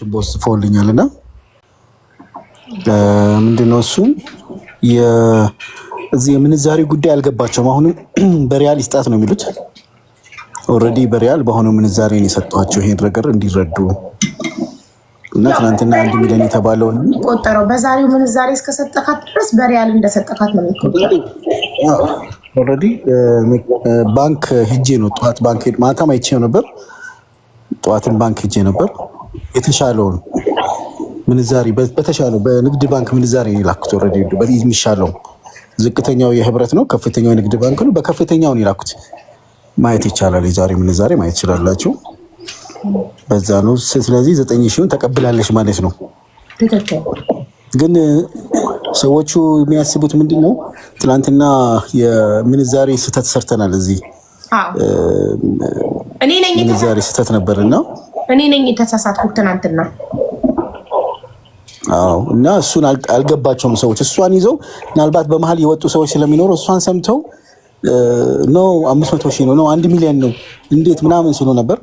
ችቦ ስፈውልኛል እና ምንድነው እሱ እዚህ የምንዛሬ ጉዳይ አልገባቸውም። አሁንም በሪያል ይስጣት ነው የሚሉት። ኦልሬዲ በሪያል በአሁኑ ነው የሰጧቸው ይሄን ነገር እንዲረዱ እና ትናንትና አንድ ሚሊዮን የተባለው ቆጠረው በዛሬው ምንዛሬ እስከሰጠካት ድረስ በሪያል እንደሰጠካት ነው የሚቆጠረው። ኦልሬዲ ባንክ ሂጄ ነው ጠዋት ባንክ ማታም አይቼው ነበር። ጠዋትን ባንክ ሂጄ ነበር የተሻለውን ምንዛሪ በተሻለው በንግድ ባንክ ምንዛሪ የላኩት ረ የሚሻለው ዝቅተኛው የህብረት ነው፣ ከፍተኛው የንግድ ባንክ ነው። በከፍተኛውን የላኩት ማየት ይቻላል። የዛሬ ምንዛሬ ማየት ይችላላችሁ። በዛ ነው። ስለዚህ ዘጠኝ ሺውን ተቀብላለች ማለት ነው። ግን ሰዎቹ የሚያስቡት ምንድን ነው? ትናንትና የምንዛሬ ስህተት ሰርተናል። እዚህ ምንዛሬ ስህተት ነበርና እኔ ነኝ የተሳሳትኩት ትናንትና። አዎ እና እሱን አልገባቸውም ሰዎች እሷን ይዘው ምናልባት በመሀል የወጡ ሰዎች ስለሚኖሩ እሷን ሰምተው ነው አምስት መቶ ሺህ ነው ነው አንድ ሚሊዮን ነው እንዴት ምናምን ሲሉ ነበር።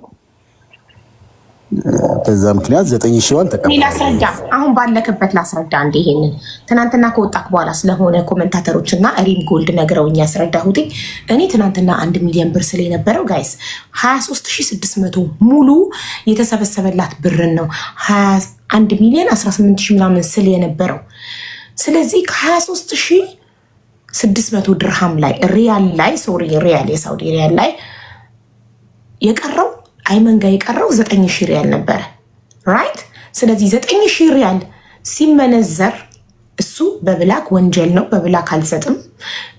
በዛ ምክንያት ዘጠኝ ሺዋን አሁን ባለክበት ላስረዳ። እንደ ይሄንን ትናንትና ከወጣክ በኋላ ስለሆነ ኮመንታተሮች እና ሪም ጎልድ ነግረውኝ ያስረዳሁትኝ እኔ ትናንትና አንድ ሚሊዮን ብር ስለ የነበረው ጋይስ 23600 ሙሉ የተሰበሰበላት ብርን ነው 1 ሚሊዮን 18 ሺህ ምናምን ስል የነበረው ስለዚህ ከ23 ሺህ 600 ድርሃም ላይ ሪያል ላይ ሶሪ ሪያል የሳውዲ ሪያል ላይ የቀረው አይመን ጋር የቀረው ዘጠኝ ሺ ሪያል ነበረ ራይት። ስለዚህ ዘጠኝ ሺ ሪያል ሲመነዘር እሱ በብላክ ወንጀል ነው፣ በብላክ አልሰጥም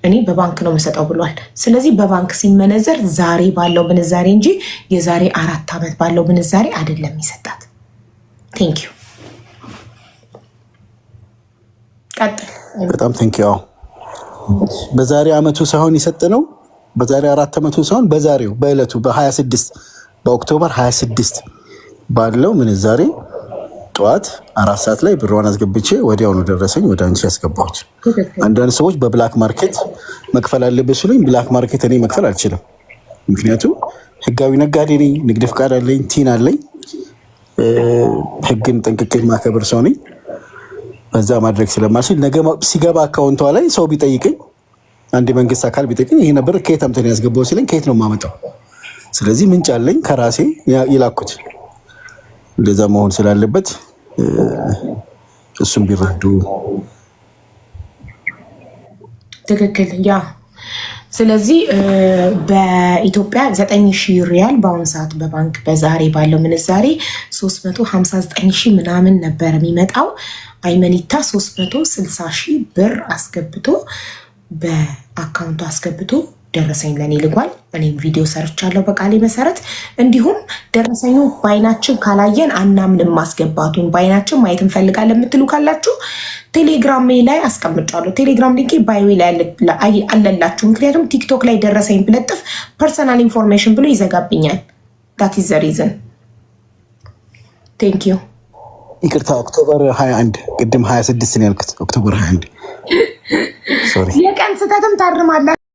እኔ በባንክ ነው የምሰጠው ብሏል። ስለዚህ በባንክ ሲመነዘር ዛሬ ባለው ምንዛሬ እንጂ የዛሬ አራት ዓመት ባለው ምንዛሬ አይደለም ይሰጣት። ቴንክ ዩ ቀጥል። በጣም ቴንክ ዩ። በዛሬ አመቱ ሳይሆን ነው፣ በዛሬ አራት ዓመቱ ሳይሆን በዛሬው በእለቱ በሀያ ስድስት በኦክቶበር 26 ባለው ምንዛሬ ጠዋት አራት ሰዓት ላይ ብሯን አስገብቼ ወዲያውኑ ደረሰኝ ወደ አንቺ ያስገባዎች። አንዳንድ ሰዎች በብላክ ማርኬት መክፈል አለብህ ሲሉኝ ብላክ ማርኬት እኔ መክፈል አልችልም። ምክንያቱም ህጋዊ ነጋዴ ነኝ፣ ንግድ ፍቃድ አለኝ፣ ቲን አለኝ፣ ህግን ጠንቅቄ ማከብር ሰው ነኝ። በዛ ማድረግ ስለማልችል ነገ ሲገባ አካውንቷ ላይ ሰው ቢጠይቅኝ አንድ የመንግስት አካል ቢጠይቅኝ ይሄ ነበር ከየት አምጥተን ያስገባው ሲለኝ ከየት ነው የማመጣው ስለዚህ ምንጭ አለኝ ከራሴ ይላኩት። እንደዛ መሆን ስላለበት እሱም ቢረዱ ትክክል ያ ስለዚህ በኢትዮጵያ 9000 ሪያል በአሁኑ ሰዓት በባንክ በዛሬ ባለው ምንዛሬ 359000 ምናምን ነበር የሚመጣው። አይመኒታ 360000 ብር አስገብቶ በአካውንቱ አስገብቶ ደረሰኝ ለእኔ ልጓል። እኔም ቪዲዮ ሰርቻለሁ በቃሌ መሰረት። እንዲሁም ደረሰኙ በአይናችን ካላየን አናምንም ማስገባቱን። በአይናችን ማየት እንፈልጋለን የምትሉ ካላችሁ ቴሌግራም ላይ አስቀምጫለሁ። ቴሌግራም ሊንኬ ባዮ ላይ አለላችሁ። ምክንያቱም ቲክቶክ ላይ ደረሰኝ ብለጥፍ ፐርሰናል ኢንፎርሜሽን ብሎ ይዘጋብኛል። ዳት ኢዝ ዘ ሪዝን። ቴንክ ዩ። ይቅርታ ኦክቶበር 21 ቅድም 26 ነው ያልኩት። ኦክቶበር 21 የቀን ስህተትም ታርማላ